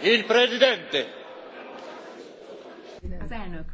Az elnök.